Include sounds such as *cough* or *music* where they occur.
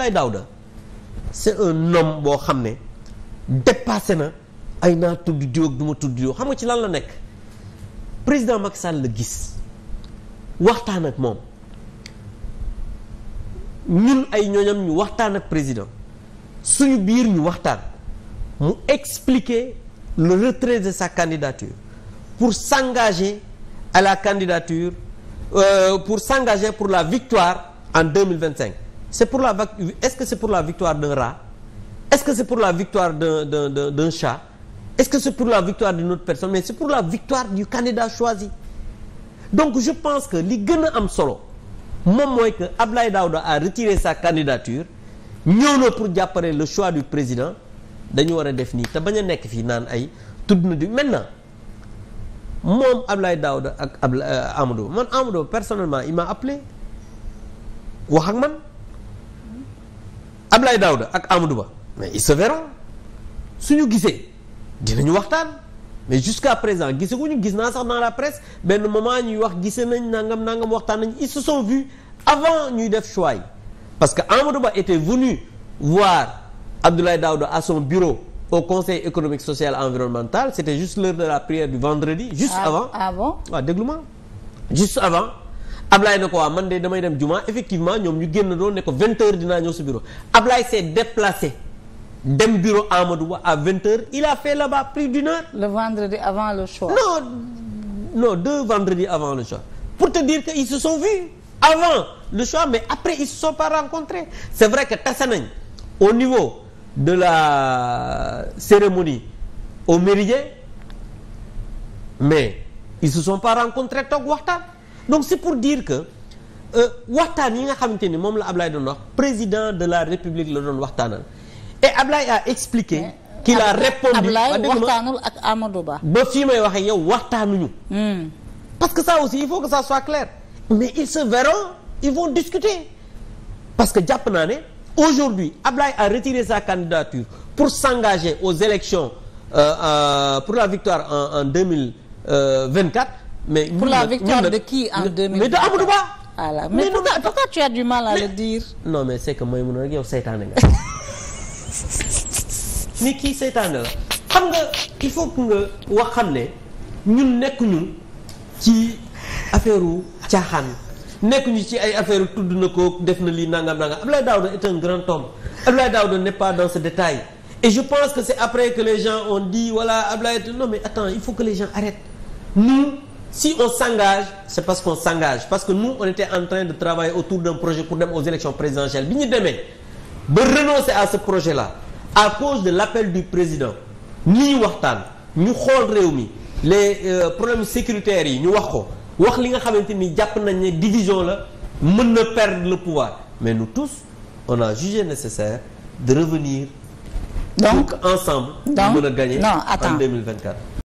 Abdoulaye da c'est un homme boo xam ne dépassé na ay naa tudd diw ak du ma tudd diw xam nga ci lan la nekk président Macky Sall la gis waxtaan ak moom ñun ay ñooñam ñu waxtaan ak président suñu biir ñu waxtaan mu expliquer le retrait de sa candidature pour s'engager à la candidature euh, pour s'engager pour la victoire en 2025 c'est pour la vague est-ce que c'est pour la victoire d'un rat est-ce que c'est pour la victoire d'un d'un d'un chat est-ce que c'est pour la victoire d'une autre personne mais c'est pour la victoire du candidat donc je pense que li gën a am solo moom mooy que Abdoulaye Daouda a retiré sa candidature ñoo na pour jàppale le choix du président dañu war a def nii te bañ a nekk fii naan ay tudd na di maintenant moom Abdoulaye Daouda ak Abdoulaye euh, Amadou man amado personnellement il m'a Ablaye Daouda ak Amadou Ba mais ils se verront suñu gisee ñu waxtaan mais jusqu'à présent ñu gis naa sax dans la presse benn moment ñuy wax gise nañ nangam nangam waxtaan nañ ils se sont vus avant ñuy def choix yi parce que Amadou Ba était venu voir Abdoulaye Daouda à son bureau au conseil économique social environnemental c'était juste l'heure de la prière du vendredi juste ah, avant ah, ah déglu ma juste avant Ablaye ne ko waa ah, man de damay dem juma effectivement ñoom ñu génn doon ne ko vingt heures dinaa ñëw sa bureau Ablaye s'est déplacé dem bureau Amadou Ba à vingt heures il a fait là-bas plus d'une heure. le vendredi avant le choix. non non deux vendredis avant le choix pour te dire que ils se sont vus avant le choix mais après ils se sont pas rencontrés c'est vrai que tase nañ au niveau de la cérémonie au Méridien mais ils se sont pas rencontrés toog waxtaan. donc c'est pour dire que euh, waxtaan yi nga xamante ni moom la Ablaye doon wax président de la République la doon waxtaanal et Ablaye a expliqué la a répondu Ablaye waxtaanul ak Amadou Ba ba fii may waxee yow waxtaanuñu hmm. parce que ça aussi il faut que ça soit clair mais ils se verront ils vont discuter parce que jàpp naa ne aujourd'hui Ablaye a retiré sa candidature pour s'engager aux élections euh, euh, pour la victoire en deux mille euh, vingt-quatre mais pour la victoire de qui en 2000 mais de Amadou Ba. voilà mais pourquoi pourquoi tu as du mal à le dire. non mais c'est que mooy mun rek yow seytaane nga. *laughs* ni kii seytaane la xam nga il faut que nga wax xam ne ñun nekkuñu ci affaire u caaxaan nekkuñu ci ay affaire u tudd na ko def na lii nangam nangam Abdoulaye Daouda est un grand homme Abdoulaye Daouda n'est pas dans ce détail et je pense que c'est après que les gens ont dit voilà Abdoulaye non mais attends il faut que les gens arrêtent nous si on s'engage c'est parce qu'on s'engage parce que nous on était en train de travailler autour d'un projet pour dem aux élections présidentielles bi ñu demee ba renoncer à ce projet là à cause de l'appel du président ni ñu waxtaan ñu xool réew mi les euh, problème sécuritaires yi ñu wax ko wax li nga xamante ni jàpp nañ ne division la mën na perdre le pouvoir mais nous tous on a jugé nécessaire de revenir donc ensemble mën a gagner en 2024